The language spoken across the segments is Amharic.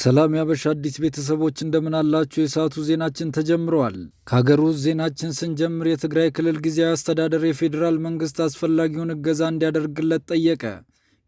ሰላም ያበሻ አዲስ ቤተሰቦች እንደምን አላችሁ? የሰዓቱ ዜናችን ተጀምረዋል። ከሀገር ውስጥ ዜናችን ስንጀምር የትግራይ ክልል ጊዜያዊ አስተዳደር የፌዴራል መንግስት አስፈላጊውን እገዛ እንዲያደርግለት ጠየቀ።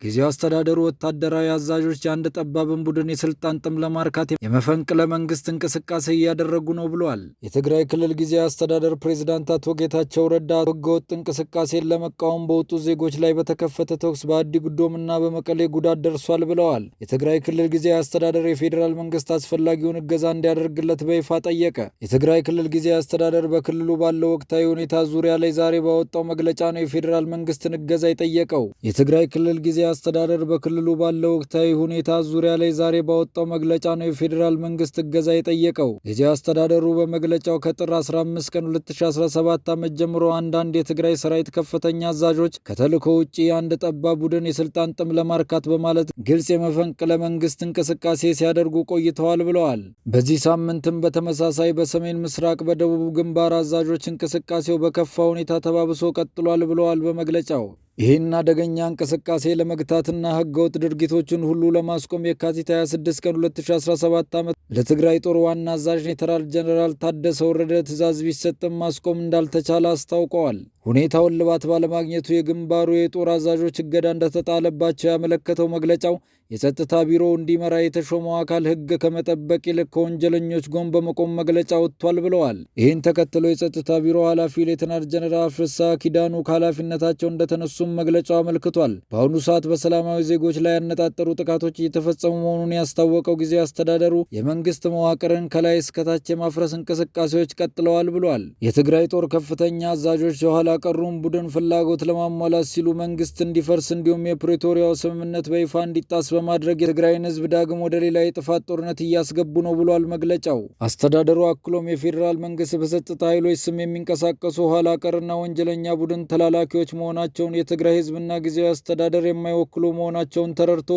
ጊዜው አስተዳደሩ ወታደራዊ አዛዦች የአንድ ጠባብን ቡድን የስልጣን ጥም ለማርካት የመፈንቅለ መንግስት እንቅስቃሴ እያደረጉ ነው ብለዋል። የትግራይ ክልል ጊዜያዊ አስተዳደር ፕሬዚዳንት አቶ ጌታቸው ረዳ ህገወጥ እንቅስቃሴን ለመቃወም በወጡ ዜጎች ላይ በተከፈተ ተኩስ በአዲግዶም እና በመቀሌ ጉዳት ደርሷል ብለዋል። የትግራይ ክልል ጊዜያዊ አስተዳደር የፌዴራል መንግስት አስፈላጊውን እገዛ እንዲያደርግለት በይፋ ጠየቀ። የትግራይ ክልል ጊዜያዊ አስተዳደር በክልሉ ባለው ወቅታዊ ሁኔታ ዙሪያ ላይ ዛሬ ባወጣው መግለጫ ነው የፌዴራል መንግስትን እገዛ የጠየቀው። የትግራይ ክልል ጊዜ አስተዳደር በክልሉ ባለው ወቅታዊ ሁኔታ ዙሪያ ላይ ዛሬ ባወጣው መግለጫ ነው የፌዴራል መንግስት እገዛ የጠየቀው። ጊዜያዊ አስተዳደሩ በመግለጫው ከጥር 15 ቀን 2017 ዓመት ጀምሮ አንዳንድ የትግራይ ሰራዊት ከፍተኛ አዛዦች ከተልእኮ ውጭ የአንድ ጠባብ ቡድን የስልጣን ጥም ለማርካት በማለት ግልጽ የመፈንቅለ መንግስት እንቅስቃሴ ሲያደርጉ ቆይተዋል ብለዋል። በዚህ ሳምንትም በተመሳሳይ በሰሜን ምስራቅ፣ በደቡብ ግንባር አዛዦች እንቅስቃሴው በከፋ ሁኔታ ተባብሶ ቀጥሏል ብለዋል በመግለጫው ይህን አደገኛ እንቅስቃሴ ለመግታትና ህገወጥ ድርጊቶችን ሁሉ ለማስቆም የካቲት 26 ቀን 2017 ዓም ለትግራይ ጦር ዋና አዛዥ ኔተራል ጀኔራል ታደሰ ወረደ ትእዛዝ ቢሰጥም ማስቆም እንዳልተቻለ አስታውቀዋል። ሁኔታው ልባት ባለማግኘቱ የግንባሩ የጦር አዛዦች እገዳ እንደተጣለባቸው ያመለከተው መግለጫው የጸጥታ ቢሮ እንዲመራ የተሾመው አካል ሕግ ከመጠበቅ ይልቅ ከወንጀለኞች ጎን በመቆም መግለጫ ወጥቷል ብለዋል። ይህን ተከትሎ የጸጥታ ቢሮ ኃላፊ ሌትናር ጀነራል ፍሳ ኪዳኑ ከኃላፊነታቸው እንደተነሱም መግለጫው አመልክቷል። በአሁኑ ሰዓት በሰላማዊ ዜጎች ላይ ያነጣጠሩ ጥቃቶች እየተፈጸሙ መሆኑን ያስታወቀው ጊዜ አስተዳደሩ የመንግስት መዋቅርን ከላይ እስከታች የማፍረስ እንቅስቃሴዎች ቀጥለዋል ብሏል። የትግራይ ጦር ከፍተኛ አዛዦች የኋላ ቀሩን ቡድን ፍላጎት ለማሟላት ሲሉ መንግስት እንዲፈርስ እንዲሁም የፕሬቶሪያው ስምምነት በይፋ እንዲጣስ በማድረግ የትግራይን ህዝብ ዳግም ወደ ሌላ የጥፋት ጦርነት እያስገቡ ነው ብሏል መግለጫው። አስተዳደሩ አክሎም የፌዴራል መንግስት በጸጥታ ኃይሎች ስም የሚንቀሳቀሱ ኋላቀርና ወንጀለኛ ቡድን ተላላኪዎች መሆናቸውን የትግራይ ህዝብና ጊዜያዊ አስተዳደር የማይወክሉ መሆናቸውን ተረድቶ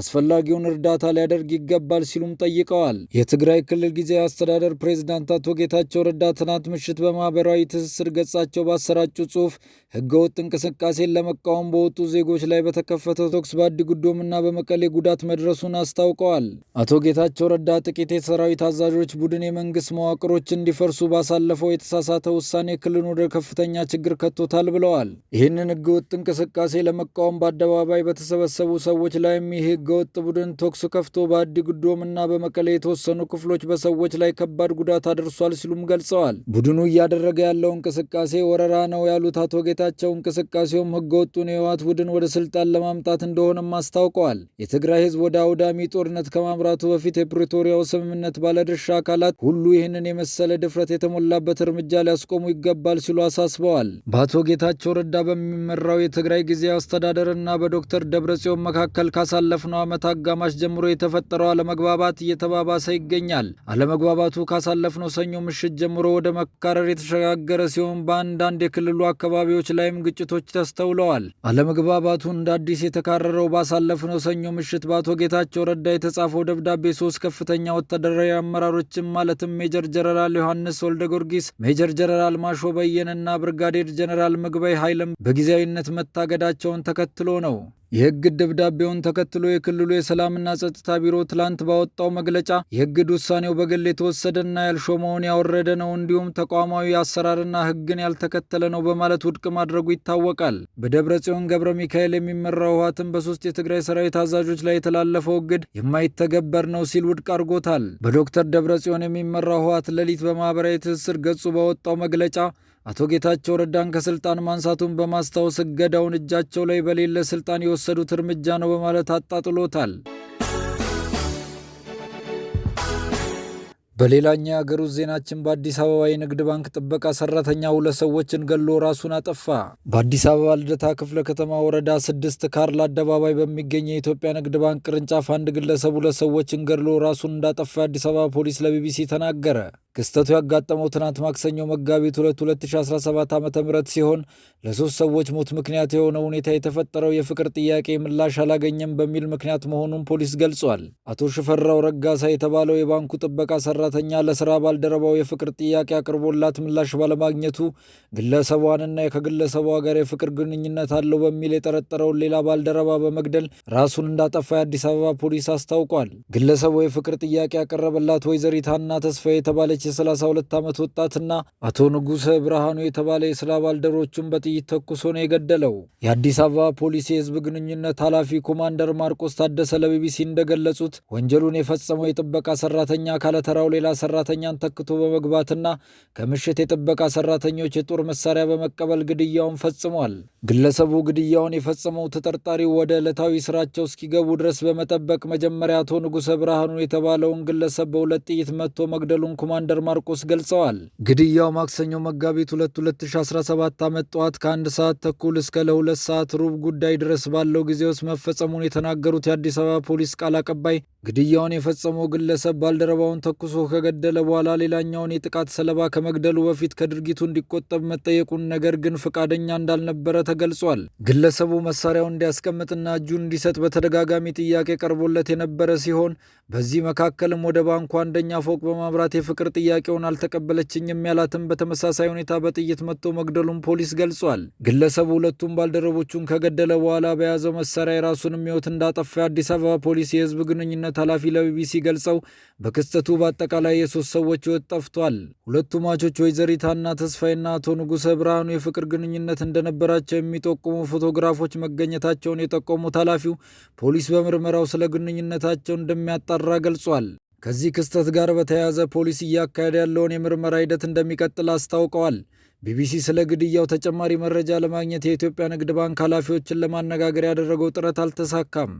አስፈላጊውን እርዳታ ሊያደርግ ይገባል ሲሉም ጠይቀዋል። የትግራይ ክልል ጊዜያዊ አስተዳደር ፕሬዝዳንት አቶ ጌታቸው ረዳ ትናንት ምሽት በማህበራዊ ትስስር ገጻቸው ባሰራጩ ጽሑፍ ህገወጥ እንቅስቃሴን ለመቃወም በወጡ ዜጎች ላይ በተከፈተው ተኩስ በአዲጉዶምና በመቀሌ ጉዳት መድረሱን አስታውቀዋል። አቶ ጌታቸው ረዳ ጥቂት የሰራዊት አዛዦች ቡድን የመንግስት መዋቅሮች እንዲፈርሱ ባሳለፈው የተሳሳተ ውሳኔ ክልሉን ወደ ከፍተኛ ችግር ከቶታል ብለዋል። ይህንን ህገወጥ እንቅስቃሴ ለመቃወም በአደባባይ በተሰበሰቡ ሰዎች ላይም ይህ ህገወጥ ቡድን ተኩስ ከፍቶ በአዲግዶም እና በመቀሌ የተወሰኑ ክፍሎች በሰዎች ላይ ከባድ ጉዳት አድርሷል ሲሉም ገልጸዋል። ቡድኑ እያደረገ ያለው እንቅስቃሴ ወረራ ነው ያሉት አቶ ጌታቸው እንቅስቃሴውም ህገወጡን የህወሓት ቡድን ወደ ስልጣን ለማምጣት እንደሆነም አስታውቀዋል። የትግራይ ህዝብ ወደ አውዳሚ ጦርነት ከማምራቱ በፊት የፕሪቶሪያው ስምምነት ባለድርሻ አካላት ሁሉ ይህንን የመሰለ ድፍረት የተሞላበት እርምጃ ሊያስቆሙ ይገባል ሲሉ አሳስበዋል። በአቶ ጌታቸው ረዳ በሚመራው የትግራይ ጊዜያዊ አስተዳደር እና በዶክተር ደብረጽዮን መካከል ካሳለፍ ከአምናው ዓመት አጋማሽ ጀምሮ የተፈጠረው አለመግባባት እየተባባሰ ይገኛል። አለመግባባቱ ካሳለፍነው ሰኞ ምሽት ጀምሮ ወደ መካረር የተሸጋገረ ሲሆን በአንዳንድ የክልሉ አካባቢዎች ላይም ግጭቶች ተስተውለዋል። አለመግባባቱ እንደ አዲስ የተካረረው ባሳለፍነው ሰኞ ምሽት በአቶ ጌታቸው ረዳ የተጻፈው ደብዳቤ ሶስት ከፍተኛ ወታደራዊ አመራሮችን ማለትም ሜጀር ጀነራል ዮሐንስ ወልደ ጊዮርጊስ፣ ሜጀር ጀነራል ማሾ በየንና ብርጋዴር ጀነራል ምግበይ ኃይልም በጊዜያዊነት መታገዳቸውን ተከትሎ ነው። የሕግ ደብዳቤውን ተከትሎ የክልሉ የሰላምና ጸጥታ ቢሮ ትላንት ባወጣው መግለጫ የእግድ ውሳኔው በግል የተወሰደና ያልሾመውን ያወረደ ነው እንዲሁም ተቋማዊ አሰራርና ሕግን ያልተከተለ ነው በማለት ውድቅ ማድረጉ ይታወቃል። በደብረ ጽዮን ገብረ ሚካኤል የሚመራው ህወሓትን በሶስት የትግራይ ሰራዊት አዛዦች ላይ የተላለፈው እግድ የማይተገበር ነው ሲል ውድቅ አድርጎታል። በዶክተር ደብረ ጽዮን የሚመራው ህወሓት ሌሊት በማህበራዊ ትስስር ገጹ ባወጣው መግለጫ አቶ ጌታቸው ረዳን ከስልጣን ማንሳቱን በማስታወስ እገዳውን እጃቸው ላይ በሌለ ስልጣን የወሰዱት እርምጃ ነው በማለት አጣጥሎታል። በሌላኛ የአገር ውስጥ ዜናችን በአዲስ አበባ የንግድ ባንክ ጥበቃ ሰራተኛ ሁለት ሰዎችን ገሎ ራሱን አጠፋ። በአዲስ አበባ ልደታ ክፍለ ከተማ ወረዳ ስድስት ካርል አደባባይ በሚገኝ የኢትዮጵያ ንግድ ባንክ ቅርንጫፍ አንድ ግለሰብ ሁለት ሰዎችን ገድሎ ራሱን እንዳጠፋ የአዲስ አበባ ፖሊስ ለቢቢሲ ተናገረ። ክስተቱ ያጋጠመው ትናንት ማክሰኞ መጋቢት 2 2017 ዓ ም ሲሆን ለሶስት ሰዎች ሞት ምክንያት የሆነ ሁኔታ የተፈጠረው የፍቅር ጥያቄ ምላሽ አላገኘም በሚል ምክንያት መሆኑን ፖሊስ ገልጿል። አቶ ሽፈራው ረጋሳ የተባለው የባንኩ ጥበቃ ሰራ። ሰራተኛ ለስራ ባልደረባው የፍቅር ጥያቄ አቅርቦላት ምላሽ ባለማግኘቱ ግለሰቧንና ከግለሰቧ ጋር የፍቅር ግንኙነት አለው በሚል የጠረጠረውን ሌላ ባልደረባ በመግደል ራሱን እንዳጠፋ የአዲስ አበባ ፖሊስ አስታውቋል። ግለሰቡ የፍቅር ጥያቄ ያቀረበላት ወይዘሪት ሀና ተስፋ የተባለች የ32 ዓመት ወጣትና አቶ ንጉሰ ብርሃኑ የተባለ የስራ ባልደሮቹን በጥይት ተኩሶ ነው የገደለው። የአዲስ አበባ ፖሊስ የህዝብ ግንኙነት ኃላፊ ኮማንደር ማርቆስ ታደሰ ለቢቢሲ እንደገለጹት ወንጀሉን የፈጸመው የጥበቃ ሰራተኛ ካለተራው ሌላ ሰራተኛን ተክቶ በመግባትና ከምሽት የጥበቃ ሰራተኞች የጦር መሳሪያ በመቀበል ግድያውን ፈጽሟል። ግለሰቡ ግድያውን የፈጸመው ተጠርጣሪ ወደ ዕለታዊ ስራቸው እስኪገቡ ድረስ በመጠበቅ መጀመሪያ አቶ ንጉሰ ብርሃኑ የተባለውን ግለሰብ በሁለት ጥይት መጥቶ መግደሉን ኮማንደር ማርቆስ ገልጸዋል። ግድያው ማክሰኞ መጋቢት 2 2017 ዓመት ጠዋት ከአንድ ሰዓት ተኩል እስከ ለሁለት ሰዓት ሩብ ጉዳይ ድረስ ባለው ጊዜ ውስጥ መፈጸሙን የተናገሩት የአዲስ አበባ ፖሊስ ቃል አቀባይ ግድያውን የፈጸመው ግለሰብ ባልደረባውን ተኩሶ ከገደለ በኋላ ሌላኛውን የጥቃት ሰለባ ከመግደሉ በፊት ከድርጊቱ እንዲቆጠብ መጠየቁን ነገር ግን ፈቃደኛ እንዳልነበረ ተገልጿል። ግለሰቡ መሳሪያውን እንዲያስቀምጥና እጁን እንዲሰጥ በተደጋጋሚ ጥያቄ ቀርቦለት የነበረ ሲሆን በዚህ መካከልም ወደ ባንኩ አንደኛ ፎቅ በማምራት የፍቅር ጥያቄውን አልተቀበለችኝም ያላትም በተመሳሳይ ሁኔታ በጥይት መጥቶ መግደሉን ፖሊስ ገልጿል። ግለሰቡ ሁለቱም ባልደረቦቹን ከገደለ በኋላ በያዘው መሳሪያ የራሱንም ሕይወት እንዳጠፋ የአዲስ አበባ ፖሊስ የህዝብ ግንኙነት ኃላፊ ለቢቢሲ ገልጸው በክስተቱ በአጠቃላይ የሶስት ሰዎች ሕይወት ጠፍቷል። ሁለቱ ሟቾች ወይዘሪታና ተስፋይና አቶ ንጉሰ ብርሃኑ የፍቅር ግንኙነት እንደነበራቸው የሚጠቁሙ ፎቶግራፎች መገኘታቸውን የጠቆሙት ኃላፊው ፖሊስ በምርመራው ስለ ግንኙነታቸው እንደሚያጣ እንደተሰራ ገልጿል። ከዚህ ክስተት ጋር በተያያዘ ፖሊስ እያካሄደ ያለውን የምርመራ ሂደት እንደሚቀጥል አስታውቀዋል። ቢቢሲ ስለ ግድያው ተጨማሪ መረጃ ለማግኘት የኢትዮጵያ ንግድ ባንክ ኃላፊዎችን ለማነጋገር ያደረገው ጥረት አልተሳካም።